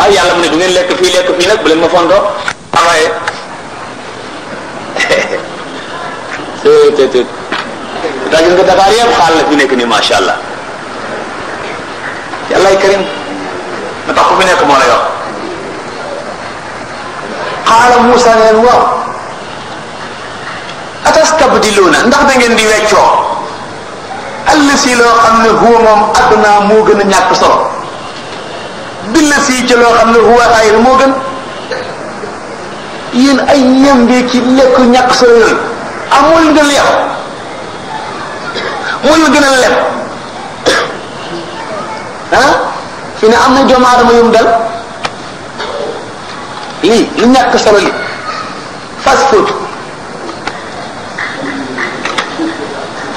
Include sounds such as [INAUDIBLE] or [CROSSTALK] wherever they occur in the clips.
waaw yàlla mu ne du ngeen lekk fii lekk fii nag bu leen ma fontoo amaye tttë daa gis nga Dakar yëpp xaal la fi nekk nii macha allah yàllaay karim na tax fi nekk moo lay wax xaala Muusa neen waaw atastabdiluuna ndax da ngeen di weccoo àll si loo xam ne huwa moom addunaa moo gën a so billa sii ci loo xam ne huwa ayil moo gën yéen ay ñambee ki lekk ñàkk solo yooyu amul nga leew mooy gën a leb ah fi ne am na doomu aadama yu mu dal lii lu li fast food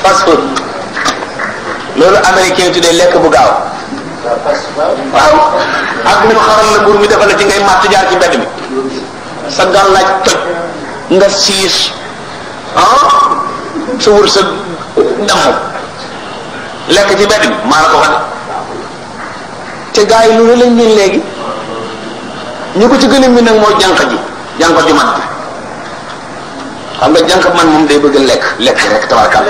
fast food loolu américain tuddee lekk bu gaaw waaw ak ñu xaral la buur mi defal la ci ngay màtt jaar ci mbedd mi sa gàllaaj toj nga siis ah sa wër sa damm lekk ci mbedd mi maa la ko wax te gaa yi lu ne lañ miin léegi ñu ko ci gën a miin nag mooy jànq ji jànq ju man bi xam nga jànq man moom day bëgg lekk lekk rek tabarkal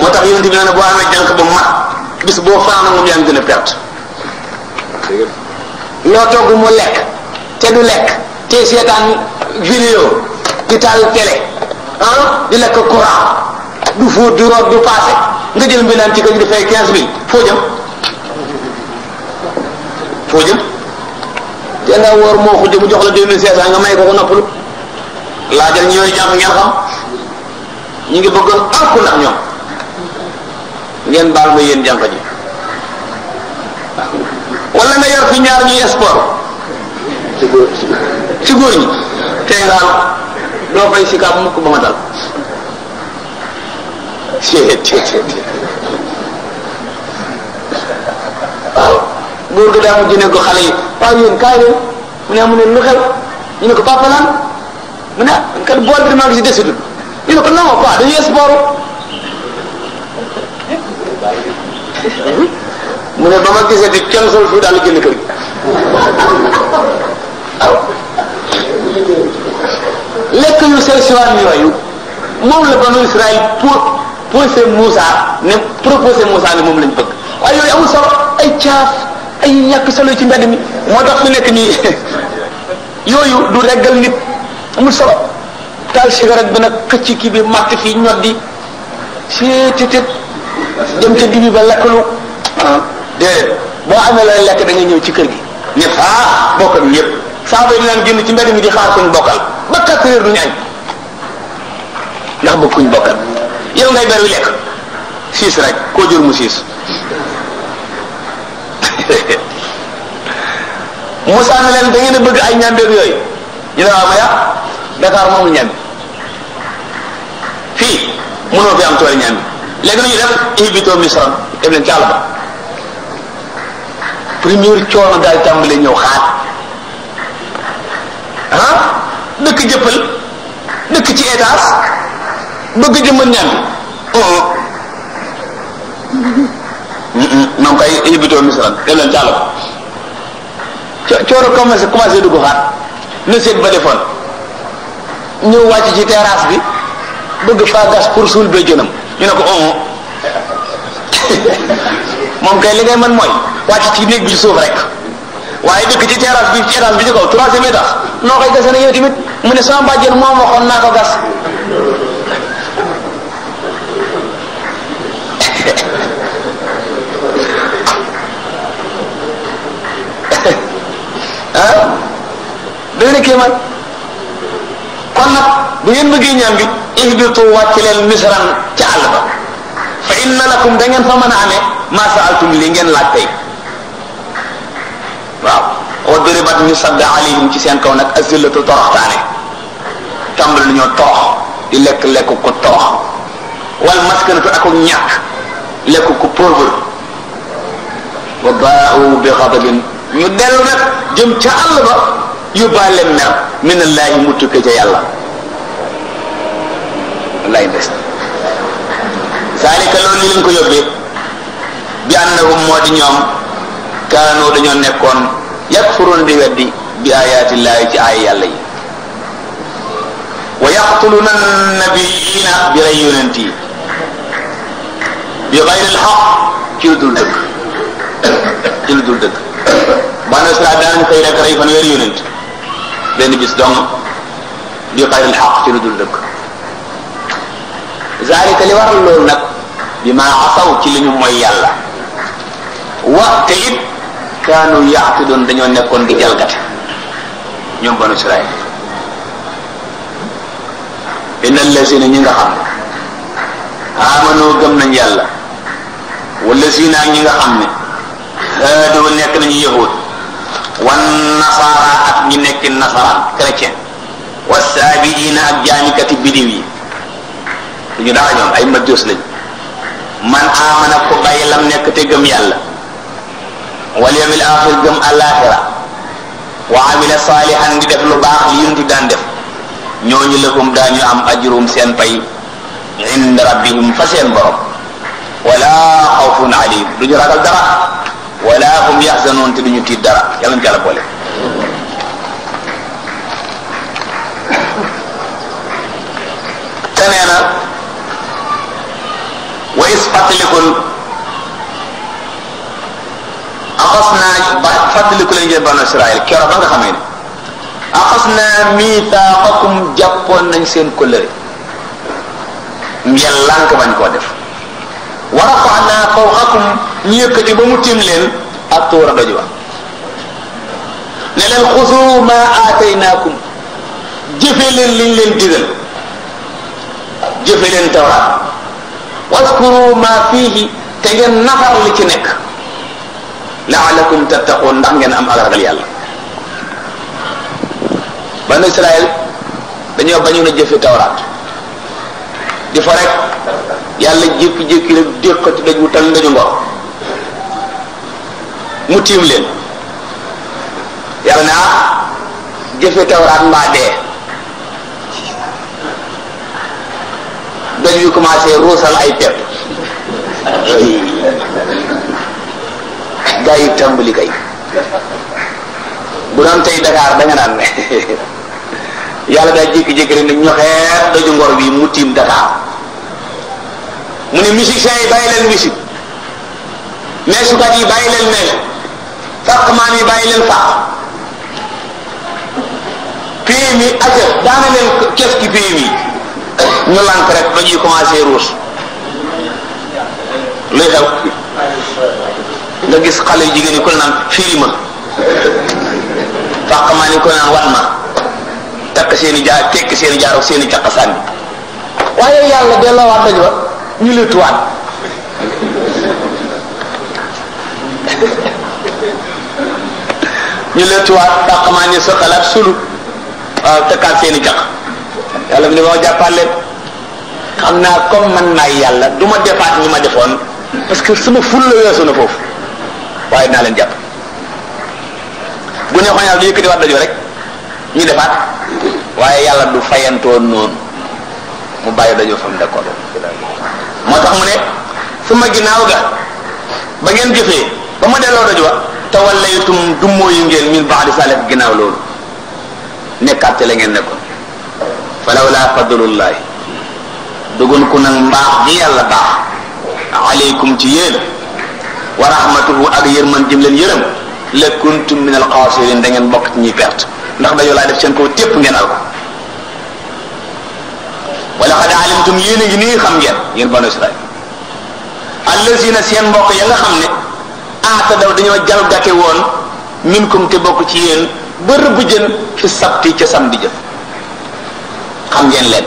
moo tax yonent bi ne ne boo amee jànq ba mat bis boo fanaan moom yaa ngi gën perte loo togg mu lekk te du lekk te seetaan vidéo di taal télé ah di lekk courant du fóot du root du passé nga jël mbi ci ko di fay quinze mille foo jëm foo te nga wóor moo xuj mu jox la deux mille cinq cent nga may ko ko noppalu laajal ñooy jàmm ngeen xam ñu ngi bëgg alku ndax ñoom ngeen baal ma yéen jànq ji wala nga yor fi ñaar ñuy sport ci góor ñi tey ngaal doo fay si kaab mukk ba ma dal waaw góor gi daa mujj ne ko xale yi waaw yéen kaay leen mu ne mu ne lu xew ñu ne ko papa lan mu ne ah, kat bool bi maa ngi si desitul ñu ne ko non quoi dañuy sport mu ne ba ma gisee di kenn sol daal di génn kër gi waaw lekk yu sew siwaan yooyu moom la banu Israël pour posé Moussa ne proposé Moussa ne moom lañu bëgg waaye yooyu amul solo ay caaf ay ñàkk solo ci mbedd mi moo tax fi nekk nii yooyu du reggal nit amul solo taal cigarette bi nag këcc kii bi màtt fii ñoddi si tëtët jëm ca dibi ba lekkalu ah déedéet boo amee la lekk da ñëw ci kër gi ñëpp ah bokk ak ñëpp saaba génn ci mbedd mi di xaar ñu bokkal ba quatre heures duñu añ ndax bëgg kuñ bokkal yow ngay beru lekk siis rek koo jur mu siis [LAUGHS] Moussa ne leen da ngeen bëgg ay ñàmbeeg yooyu ñu ne waaw ma yàq Dakar moomu ñàmbi fii mënoo fi am tool ñàmbi léegi nu ñu def ihbitu misran dem leen première coono daal tàmbale ñëw xaat ah dëkk jëppal dëkk ci étage bëgg jëmmal ñaan moom kay yëbbitoo moom kay li ngay man mooy wàcc ci néeg bi ci suuf rek waaye dëkk ci bi ci étage bi ci kaw troisième étage noo koy gasee nag yow tamit mu ne sama bàjjen moom waxoon naa ko gas ah day na kéemaan kon nag bu ngeen bëggee ñaan gi ihbitu wàcc leen misran ca àll fa inna lakum da ngeen fa mën a amee maa saaltum li ngeen laaj waaw wa duribat ñu sadd alayhim ci seen kaw nag azillatu toroxtaane tàmbali lu ñoo torox di lekk lekk ko torox wal maskanatu ak ak ñàkk lekk ko pauvre wa baa'u bi ghadabin ñu dellu nag jëm ca àll ba yóbbaale mer minallaahi mu tukkee ca yàlla wallaay ndes zalika loolu li leen ko yóbbee bi annahum moo di ñoom kaanoo dañoo nekkoon yakfuruuna di weddi bi ayaatillaahi ci ay yàlla yi wa yaqtuluuna nabiyiina bi rey yonent yi bi xayril xaq ci lu dul dëgg ci lu dul dëgg banu Israayil danañ xëy rek rey fanweeri yonent benn bis dong bi xayril xaq ci lu dul dëgg zaalika li waral loolu nag bi maa asaw ci li ñu mooy yàlla wa te it kaanu yaatu doon dañoo nekkoon di jalgate ñoom banu Israel inna allazina ñi nga xam amanoo gëm nañ yàlla wallazina ak ñi nga xam ne haadoo nekk nañu yahud wan nasaara ak ñi nekk nasaraan chrétien wasaabiina ak jaamikati bidiw yi duñu dara ñoom ay majus lañ man amana ko bàyyi lam nekk te gëm yàlla wal yawmil axir gëm àllaaxira wa amila saalihan ngi def lu baax li yunti daan def ñooñu lëkkum daañu am ajrum seen pay inda rabbihim fa seen borom wala xawfun alim du ñu ragal dara wala hum yaxzanoon te du ñu tiit dara yàlla ñu ci yàlla boole te nee na wa is fàttalikul axas naa ba fàttaliku leen ngeen banu Israël keroog ba nga xamee ne axas naa miitaaxakum jàppoon nañ seen kóllëre ngeen lànk bañ koo def wa rafanaa fawqakum ñu yëkkati ba mu tiim leen ak tuura doj wa ne leen xusu ma aataynaakum jëfe leen liñ leen digal jëfe leen tawraat waskuru ma fiihi te ngeen nafar li ci nekk laalakum tattaqoon ndax ngeen am ak ragal yàlla banu Israël dañoo bañu na jëfe tawraat di rek yàlla jékki-jékki rek déqati daj wu tal ndañu ngor mu tiim leen yàlla naa ah, jëfe tawraat mbaa dee daj wi commencé ruusal gaa yi tàmbali kay bu doon tey Dakar da nga naan ne yàlla daa jékki-jékki rek ne ñoxeet daju ngor bi mu tiim Dakar mu ne musiciens yi bàyyi leen musique meesukat yi bàyyi leen mees fàqmaan yi bàyyi leen fàq PMI aset daana leen kees ki PMI ñu lànk rek ba ñuy commencé ruus luy xew nga gis xale yu jigéen yi ku la ma fàqamaa ni ku la naan wat ma takk seen i jaar tekk seen i jaar caq ñu ñu lëttuwaat fàqamaa ni sulu waaw tëkkaat seen i caq yàlla mu ne ma jàppaat leen xam naa comme man naay yàlla du ma defaat ñi ma defoon parce que sama ful la weesu na foofu waaye naa leen jàpp bu neexoon yàlla du yëkkatiwaat rajo rek ñu defaat waaye yàlla du fayantoon noonu mu bàyyi rajo fa mu d'accord moo tax mu ne su ginnaaw ga ba ngeen jëfee ba ma delloo rajo wa tawallaytum dummoo yi ngeen min ba'di salaf ginnaaw loolu nekkaat ci la ngeen nekkoon falawlaa fadlullahi dugun ku nag mbaax gi yàlla baax aleykum ci yéen wa rahmatuhu ak yërman jëm leen yërëm la kuntum min al xaasirin da ngeen bokk ci ñuy perte ndax dañoo laa def seen koo tépp ngeen al ko wala alimtum yéen ngi nii xam ngeen yéen banu israil allazina seen mbokk ya nga xam ne aata daw dañoo jalgate woon minkum te bokk ci yéen ba rëbb jën fi sabti ca samedi jëf xam ngeen leen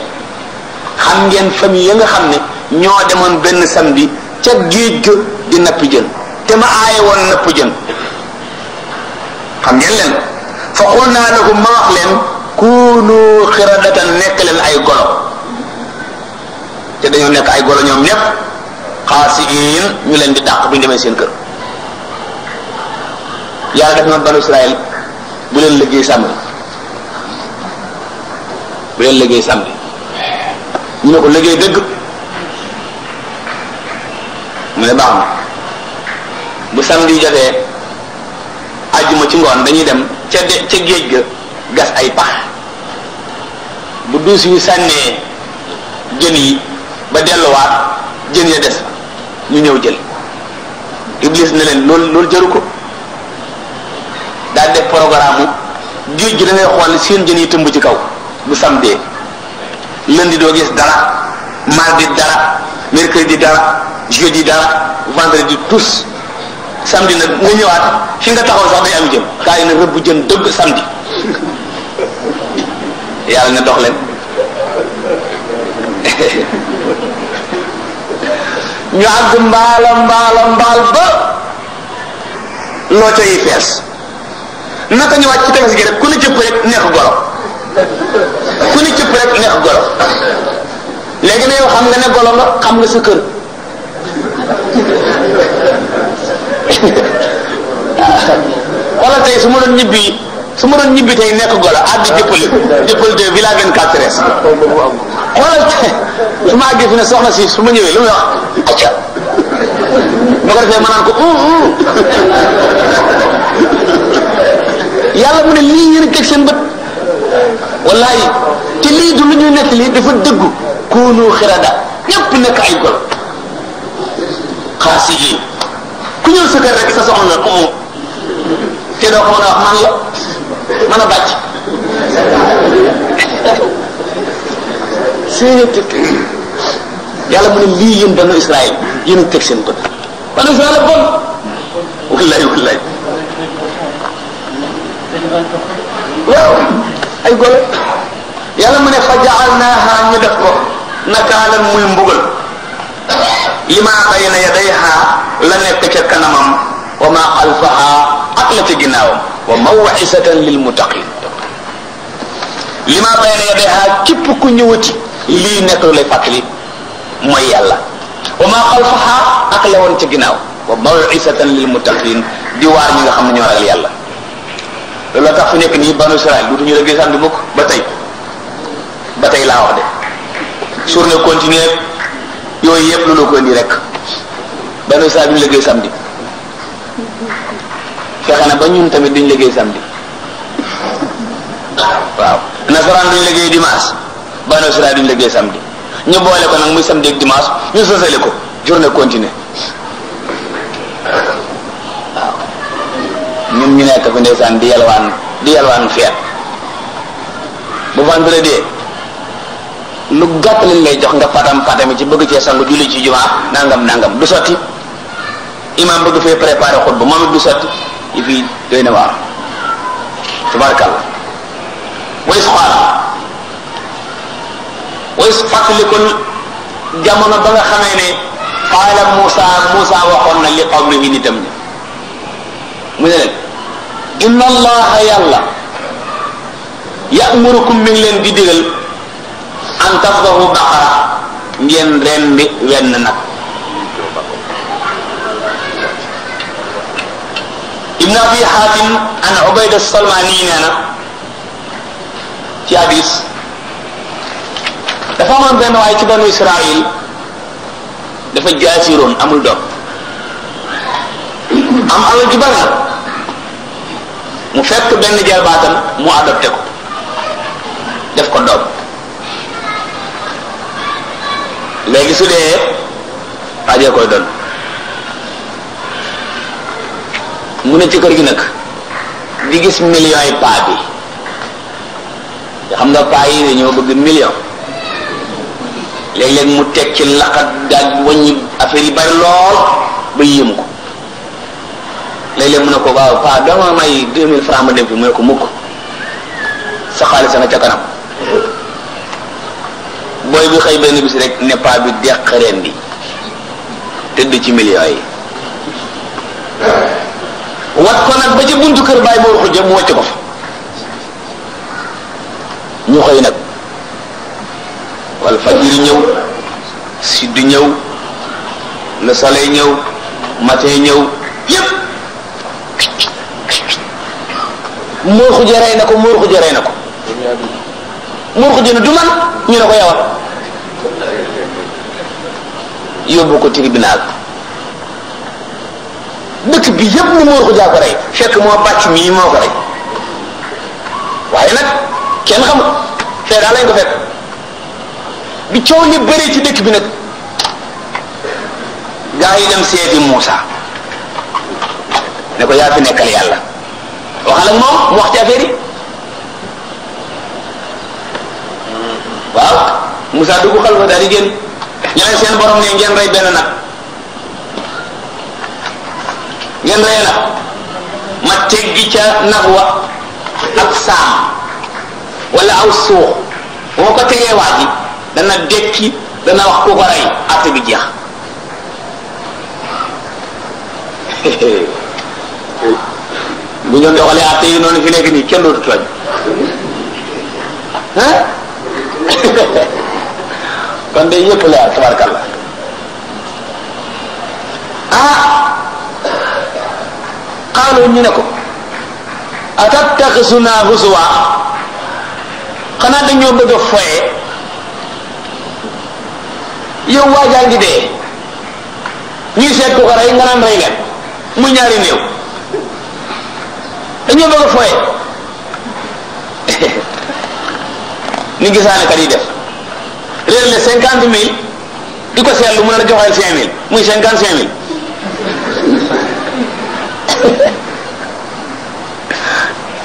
xam ngeen fami ya nga xam ne ñoo demoon benn samedi ca géej ga di napp jën te ma aaye woon nëpp jën xam ngeen leen fa xul naa lahum ma wax leen kuunu xiradatan nekk leen ay golo te dañoo nekk ay golo ñoom ñépp xaasiin ñu leen di dàq bu ñu demee seen kër yàlla def na banu Israël bu leen liggéey samedi bu leen liggéey samedi ñu ne ko liggéey dëgg mu baax na samedi jotee àjjuma ci ngoon dañuy dem ca de ca géej ga gas ay pax bu duus yu sànnee jën yi ba delluwaat jën ya des ñu ñëw jël iblis na leen loolu lool jaru ko daal def programme géej gi da ngay xool seen jën yi tëmb ci kaw bu samedi lundi doo gis dara mardi dara mercredi dara jeudi dara vendredi tous samedi nga ñëwaat fi nga taxaw sax day am jëm kaa yi na rëbb jën dëgg samedi yàlla na dox leen ñu àgg mbaala mbaala mbaal ba loo yi fees naka ñu wàcc ci tefes gi rek ku ne cëpp rek neex golo ku ne cëpp rek neex golo léegi na yow xam nga ne golo nga xam nga sa kër wala tey su ma doon ñibbi su ma doon ñibbi tey nekk golo àgg jëppali jëppali de village 24 res xoolal su ma àggee fi soxna si su ma ñëwee lu muy wax acca ma ko defee ma naan ko mu ne lii ngeen teg seen bët te lii du lu ñuy nekk lii dafa dëggu koonu xirada ñëpp nekk ay golo xaasi yi ku ñëw sa kër rek sa soxna ku mu te doo ko mën a wax man la mën a bàcc seen yàlla mu ne lii yéen a teg seen bët banu Israël wallahi wallahi waaw ay golo yàlla mu ne fa ja'alnaaha ñu def ko nakaalan li maa bayna yadayha la nekk ca kanamam wa maa xalfaha ak la ca ginnaawam wa maw'izatan lil muttaqin li maa bayna yadayha képp ku ñëwati lii nekk lu lay fàttali mooy yàlla wa maa xalfaha ak la woon ca ginnaaw wa maw'izatan lil muttaqin di waar ñi nga xam ne ñoo ragal yàlla loolu tax fu nekk nii banu Israël duutu ñu la gisaan bi mukk ba tey ba tey laa wax de journée continue mënuloo ko indi rek banu saa duñ liggéey samedi fexe na ba ñun tamit duñ liggéey samedi waaw nasaraan duñ liggéey dimanche banu saa duñ liggéey samedi ñu boole ko nag muy samedi ak dimanche ñu sosale ko journée continue waaw ñun ñu nekk fi ndeysaan di yalwaan di yalwaan feet bu vendredi lu gàtt lañ lay jox nga patam patami ci bëgg cee sangu julli ci jumaa nangam nangam du sotti imam bëgg fee préparé xutba moom it du sotti yi fii doy na waar tabarakàlla wayis xaala wayis fàttalikul jamono ba nga xamee ne xaala Moussa Moussa waxoon na li qawmihi nitam ñi mu ne leen inna allaha yàlla ya'murukum mi ngi leen di digal an tasbahu baqara ngeen rendi wenn ibn abi xaatim an ubayda salmani nee na ci hadis dafa amoon benn waaye ci banu israil dafa jaasiroon amul doom am alal mu fekk ko def ko doom léegi su dee ajee koy doon mu ne ci kër gi nag di gis million yi paa bi nga xam nga paa yi dañoo bëgg million léeg-léeg mu teg ci laqat daal wàññi affaire yi bari lool ba yëm ko léeg-léeg mu ne ko waaw paa doo ma may deux mille francs ma dem fi mu ne ko mukk sa xaalis nga ca kanam xëy benn bis rek neppa bi deq reen bi tëdd ci millions yi wat ko nag ba ci buntu kër bàyyi boo xujja mu wàcc ko fa ñu xëy nag wal fajiri ñëw siddu ñëw le soleil ñëw matin ñëw yépp muur xujja rey na ko muur xujja rey na ko muur xujja ne du man ñu ne ko yawal yóbbu ko tribunal dëkk bi yépp ni Mor Khoudia ko rey fekk moo bàcc mii moo ko rey waaye nag kenn xamul fee lañ ko fekk bi coow li bëree ci dëkk bi nag gaa yi dem seeti Moussa ne ko yaa nekkal yàlla waxal ak moom mu wax ci affaire yi waaw Moussa dugg xalwa daal di génn yàlla seen borom ne ngeen rey benn nag ngeen rey nag ma teggi ca nag wa ak saam wala aw suux boo ko tegee waa ji dana dekki dana wax ku ko rey àtte bi jeex [LAUGHS] bu ñoo doxalee àtte yi noonu fi léegi nii kenn dootu tooñ ah [LAUGHS] kon day yëpp leer tabarkalla ah xaalu ñu ne ko atattaxisuna husuwa xanaa dañoo bëgg a foye yow waajaa ngi dee ñuy seet ku ko rey rey leen mu ñaari néew dañoo bëgg a foye [LAUGHS] ni gisaane kat yi def réer le cinquante mille di ko seetlu lu ne a joxeel cinq mille muy cinquante cinq mille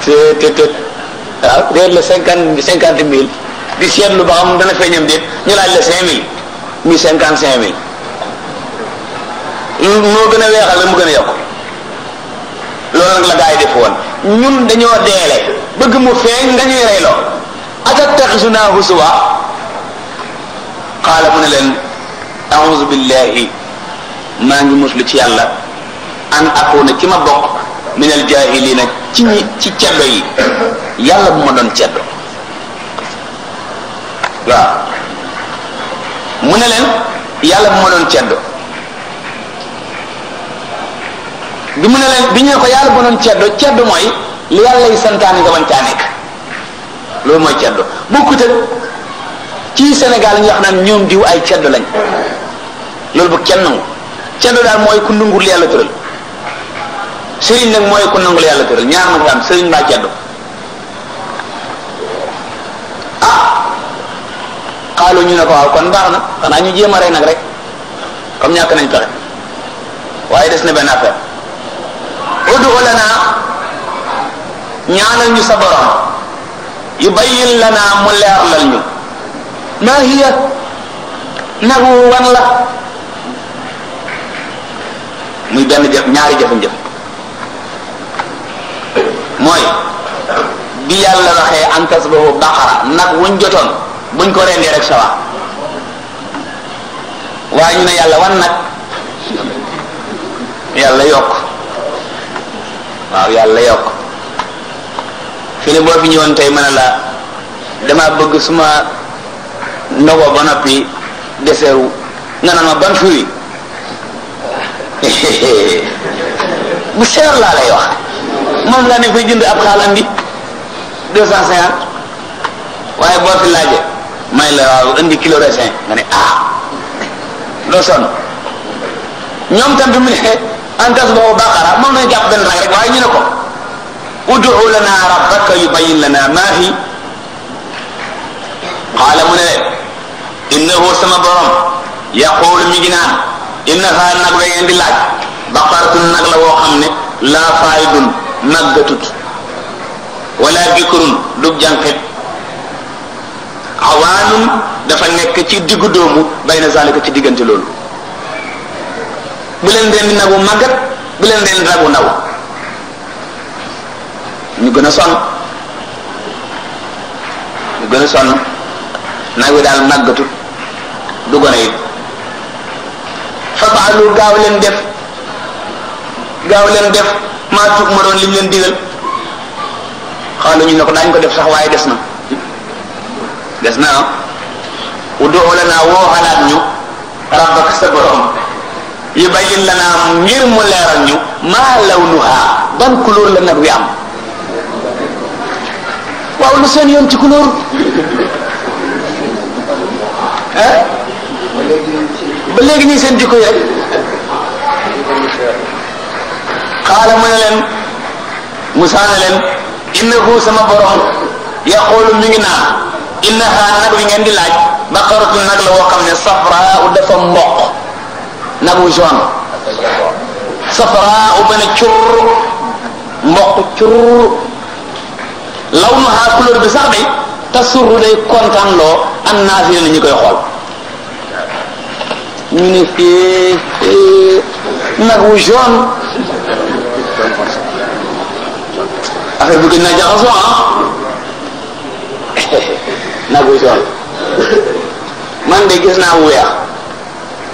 te cinquante cinquante mille di seetlu ba xam dana feeñam déet ñu laaj la cinq mille muy cinquante cinq mille moo gën a weexal rek mu gën a yokk loolu nag la gaa yi def woon ñun dañoo deele bëgg mu feeñ nga ñuy reyloo atattaxizunaa huzuwa qaala mu ne leen auzu billahi maa ngi muslu ci yàlla an akuna ci ma bokk min al ci ci ceddo yi yàlla bu ma doon ceddo waaw mu ne leen yàlla bu ma doon ceddo bi mu ne leen bi ñu ne ko yàlla bu ma doon ceddo ceddo mooy li yàlla yi santaane nga bañ caa loolu mooy ceddo bokkut ak ci Sénégal la ñuy wax ñoom diw ay ceddo lañ loolu bu kenn nangu ceddo daal mooy ku nangul yàlla tëral sëriñ nag mooy ku yàlla tëral ko am sëriñ mbaa ceddo ah xaalu ñu ne ko kon baax na xanaa ñu jéem a rey rek comme ñàkk nañ waaye des na benn affaire udu lana ñaanal ñu sa borom yu bayyin lana mu leerlal ñu maa hiya nag wu wan la muy benn jëf ñaari jëfam-jëf mooy bi yàlla waxee antas boobu baqara nag wuñ jotoon buñ ko rendee rek sawa waaye ñu ne yàlla wan nag yàlla yokk waaw yàlla yokk fi ne boo fi ñëwoon tey mën a la dama bëgg suma ndogo ba noppi deseeru nga naan ma ban fruit [LAUGHS] bu cher laa lay wax moom laa ne koy jënd ab xaal andi deux cent cinquante waaye boo fi laaje may la waaw indi kilo raisin nga ne ah doo ñoom tam bi mu ne en [LAUGHS] tas boobu baqara jàpp benn rek waaye ñu ne ko ud'u lana rabbaka yubayyin lana maa fi qaala mu ne innahu sama borom yaqulu mi ngi naan innaha nag la ngeen laaj baqaratun nag la woo xam ne laa faidun màggatut wala bikurun dug jànqit awaanun dafa nekk ci diggu doomu bayna zalika ci diggante loolu bu leen rendi nagu màggat bu leen rendi nagu ndaw ñu gën a sonn ñu gën a sonn nag wi daal màggatut du gone yi fafaalu gaaw leen def gaaw leen def maa tuub ma doon lim leen digal xaalu ñu ne ko ko def sax waaye des na des na ah udoo lanaa woo xalaat ñu rabbaka sa borom yubayyin lanaa ngir mu leeral ñu maa lawnuhaa ban couleur la nag wi am waaw lu seen yoon ci couleur ah [LAUGHS] léegi ñuy seen jikko yi rek mu ne leen Musa ne leen innahu sama borom yaqulu mi ngi naan innaha nag wi ngeen di laaj baqaratu nag la woo xam ne safraa u dafa mboq nag ba ne curr mboq curr law nu haa couleur bi sax day tasurru day kontaan loo an naas yi ñu koy xool ñu ne eh, eh, nag wu jaune affaire bi gën naa jaxasoo ah [LAUGHS] nag wu jaune man de gis naa wu weex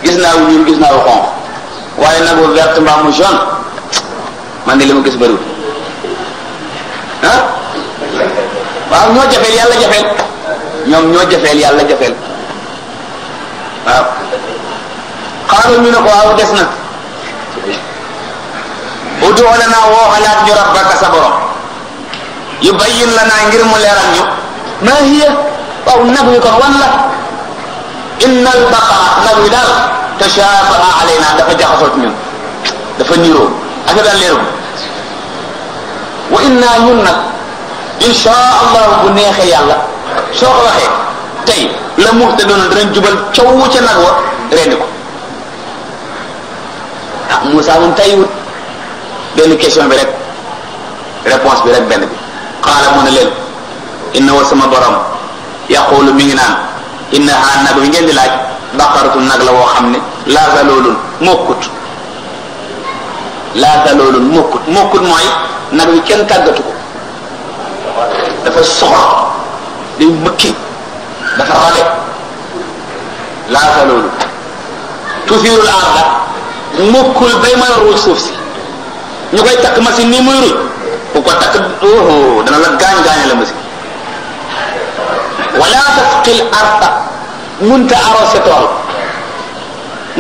gis naa wu ñuul gis naa wu xonq waaye nag wu vert mbaa mu jaune man li ma gis bëriwul ah waaw ñoo jafeel yàlla jafeel ñoo jafeel yàlla jafeel xaaral ñu ne ko waaw des na udu lana woo xalaat ñu rabbaka sa borom yu bayyin la naa ngir mu leeral ñu maa hiya waaw nag wi kon wan la inna al baqara nag wi daal tashaabaa alayna dafa jaxasoo ñun dafa niroo ak daal leeru wa inna ñun nag insha allah bu neexee yàlla soo ko waxee tey la muxtadoon danañ jubal coow ca nag wa rendi ko ah Moussa moom tayiwut benn question bi rek réponse bi rek benn bi xaala mu ne leen inna wa sama borom yaqulu mi ngi naan inna haa nag bi ngeen di laaj baqaratun la woo xam ne laata loolul mokkut laata loolul mokkut mokkut mooy nag bi kenn tàggatu ko dafa soxla day mëkki dafa rale laata loolu mukkul bay mën a ruuj suuf si ñu koy takk machine nii muy ruuj bu ko takk oh dana la gaañ gaañ la machine wala tasqil arta munta arrosé tool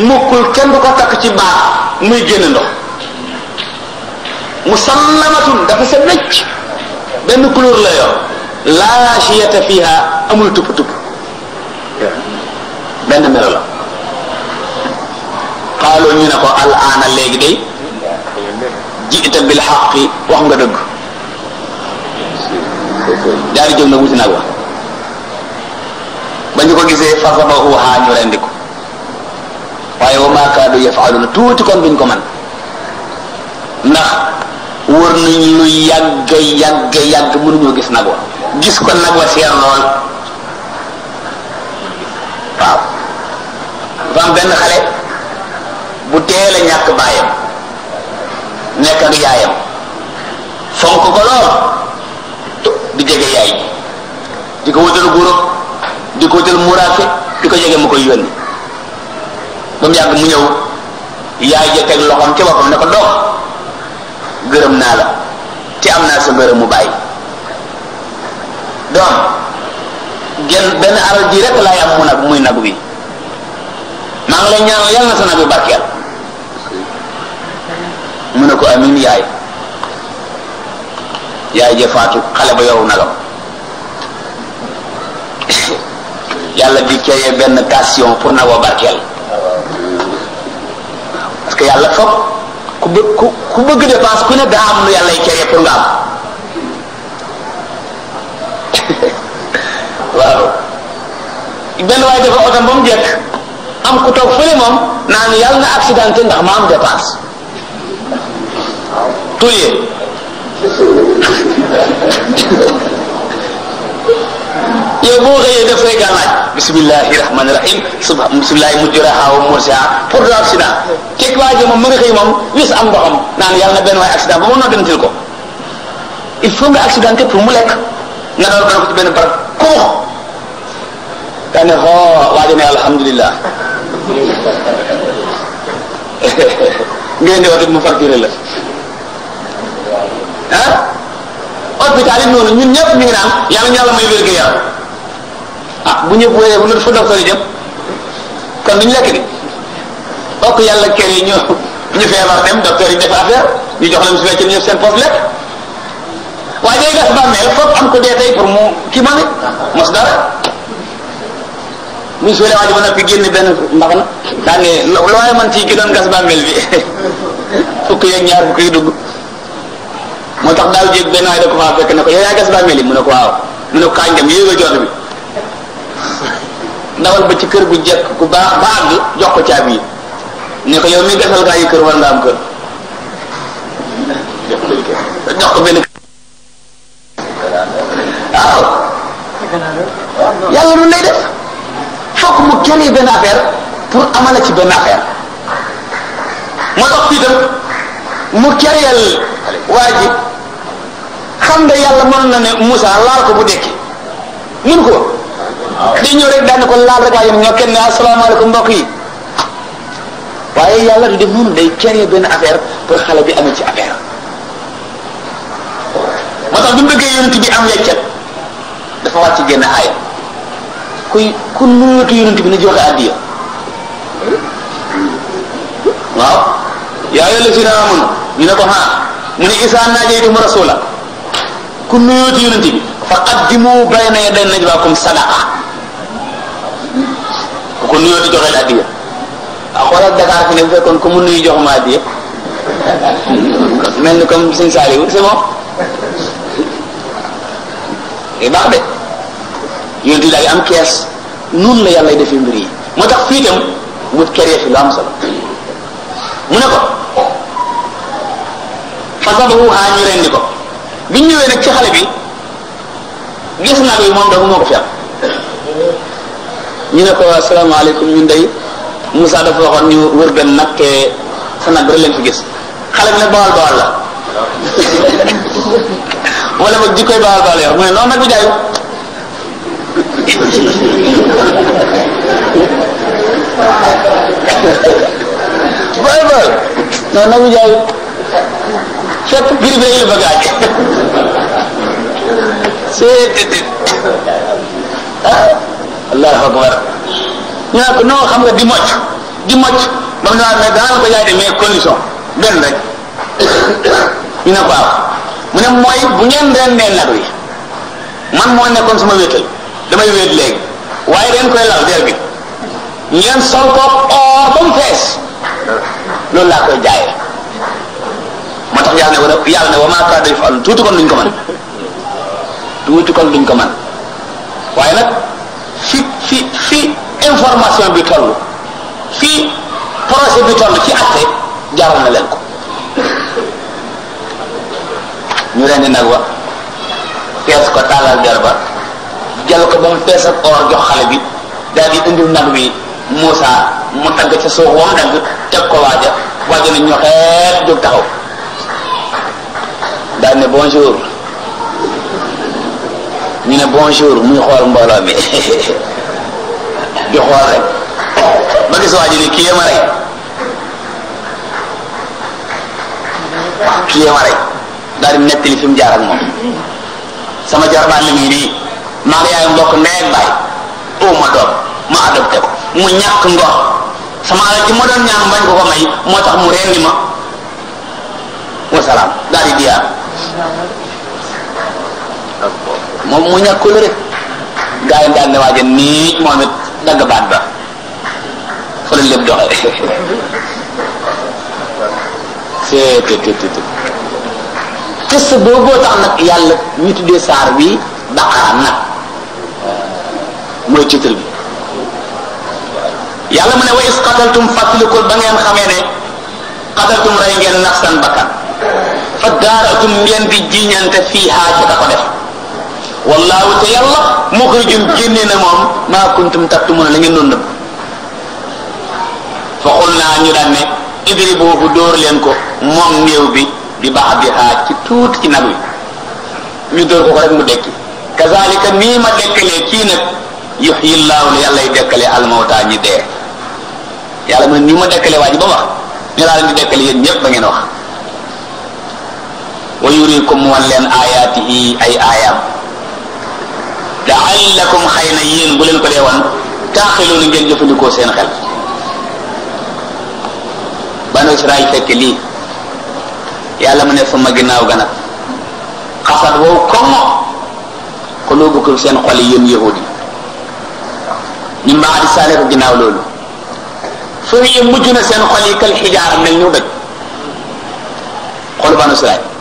mukkul kenn du ko takk ci baax muy génn ndox musallamatun dafa sa wécc benn couleur la yor laa shiyata fiha amul tupp tupp benn melo la xaaloo ñu ne ko al aana léegi day jiita bil xaqi wax nga dëgg daal di jóg wuti nag wa ba ñu ko gisee fasabahuha ñu rendi ko waaye wa maa kaadu na tuuti kon duñ ko man ndax wër nañ lu yàgg yàgg yàgg mënuñoo gis nag wa gis ko nag wa seer lool waaw dafa am benn xale teel a ñàkk baayam nekk yaayam fonk ko lool di jege yaay di ko wutal guro di ko wutal muraake di ko jege mu koy yónni ba mu yàgg mu ñëw yaay ja teg loxoom ca boppam ne ko doom gërëm naa la te am naa sa ngërëm mu bàyyi doom genn benn alal ji rek laay am mu nag muy nag wi maa ngi lay ñaanal yàlla na sa nag wi barkeel mu ne ko amin yaay yaay ja faatu ba yow nagam yàlla di créer benn tension pour na wa barkeel parce que yàlla foog ku bëgg ku ku ne daa am lu yàlla y pour nga [LAUGHS] waaw benn waaye dafa otam ba jekk am ku toog fële moom naan yàlla na accidenté ndax ma am tulie yow boo xëyee def say gànnaaj bismillahi rahmani rahim suba bismillahi mujjuraha wa mursiha pour du accident kek waa ji moom mu nga xëy moom wis am ndoxam naan yàlla na benn waay accident ba mu noo dentil ko il faut nga accidenté pour mu lekk nga door dana ko ci benn barab kuux daa ne xoo waa ji ne alhamdulilah ngay ndewatit mu fartiré la ah hôpital yi noonu ñun ñëpp ñu ngi naan yàlla ñu yàlla may wér gu ah bu ñëpp wéree bu lu fa docteur yi jëm kon duñu lekk di ok yàlla kër yi ñu ñu feebar dem docteur yi def affaire ñu jox leen su fekkee ñëpp seen poste lekk waaye day gas bàmmeel foog am ko dee pour mu kii ma ne mos dara bu ñu suulee waa ji ba noppi génn benn mbax na daa ne loo waaye man ci gënoon gas bàmmeel bi [LAUGHS] fukk yeeg ñaar fukk yi dugg moo tax daaw jéeg benn waay da ko faa fekk ne ko yow yaa gas bàmmeel yi mu ne ko waaw mu ne ko kañ dem yéega jot ci kër gu jekk ku baax ba jox ko caabi yi ne ko yow mi gasal gaa yi kër war nga am kër jox ko benn waaw yàlla lu lay def fokk mu kenn benn affaire pour amala ci benn affaire moo tax fii tam mu kereel waa xam nga la mën na ne Moussa laal bu dekki mun ko di ñëw rek daan ko laal rek waaye ñoo kenn ne asalaamaaleykum mbokk yi waaye yàlla du def noonu day créer benn affaire pour xale bi amee ci affaire moo tax bu mu bëggee yonent bi am weccat dafa wàcc génn aaya kuy ku nuyootu yonent bi na joxe addiya waaw yaa ayyuhallazina aamanu ñu ne ko ha mu ne isa naajaytum rasula ku nuyoo ci yonent bi fa qaddimu bayna yaday najwaakum sadaqa ku ko nuyoo di joxe addiya ah xoolal Dakar fi ne bu ku mu nuyu jox ma addiya mel ni comme Sëñ Saaliw c'est bon day eh, baax de yonent bi daal am kees nun la yàlla defee mbir yi moo tax fii itam mu kéré fi lu am solo mu ne ko fasabahu ah, ñu rendi ko. bi ñu ñëwee nag ci xale bi gis nag yi moom dong moo ko fi am ñu ne ko asalaamaaleykum ñun day Moussa dafa waxoon ñu wër benn nag te sa fi gis xale bi nag bawal bawal la wala boog jikkoy bawal bawal yow mu ne noonu nag bu jaayu bawal bawal noonu nag bu jaayu fépp giri bi la bëgg a àgg seet ah. allahu akbar ñu ko non xam nga di mocc di mocc ba mu ne daal ko jaay mooy bu ngeen rendee nag wi man moo nekkoon sama wéetal damay wéet léegi waaye ren koy lal der bi ngeen sol ko ba mu fees loolu laa koy jaayee. tax yàlla ne wala yàlla ne wa maa kaada yaf'aluun tuuti kon duñ ko mën tuuti kon duñ ko mën waaye nag fi fi fi information bi toll fi projet bi toll ci àtte jaral na leen ko ñu rendi nag wa fees ko tàllal der ba jël ko ba mu fees ak or jox xale bi daal di indil nag wi Moussa mu tagg ca suuf wam dagg teg ko waaja waaja ne ñoo xeet taxaw daal ne bonjour muy xool mbooloo mi xool rek ba gis waa ji ne ma rek kii ma rek daal di nettali fi moom sama jarbaan la muy nii maa ngi yaay mbokk ndey ak baay oo ma ma adopté mu ñàkk ngox sama alal ci ma doon ñaan bañ ko ko may moo tax mu rendi ma wasalaam daal di moom mu ñàkkul rek gaa yi daal ne waaja nii moom it dagg baat ba fa la lépp doxee seetetetet xis booboo tax nag yàlla ñu tuddee saar bi baqara nag mooy titre bi yàlla mu ne wa is qataltum fàttalikul ba ngeen xamee ne qataltum rey ngeen nafsan bakkan fa daaratum ngeen di jiñante fii xaaj ka ko def wallaahu te yàlla na moom maa kuntum taktumuna la ngeen doon nëbb fa xul naa ñu daan ne idri boobu dóor leen ko moom néew bi di baax di xaaj ci tuuti ci nag wi ñu dóor ko ko rek mu dekki kazalika nii ma dekkalee kii nag yuxyi llaahu la yàlla y dekkalee almawta ñi dee yàlla mu ne nii ma dekkalee waa ji ba wax ñu laa di dekkale yéen ba ngeen wax wa yurikum mu wan leen aayaatihi ay aayaam laallakum xëy na yéen bu leen ko dee wan taaxiloon ngeen jëfandikoo seen xel banu Israel fekk lii yàlla mu ne sama ginnaaw ga nag xasat wow komm xuloobukum seen xol yi yéen yahudi ñu mbaxadi saale ko ginnaaw loolu foofu yëpp mujj na seen xol yi kal xijaara mel ñu doj xolu banu Israel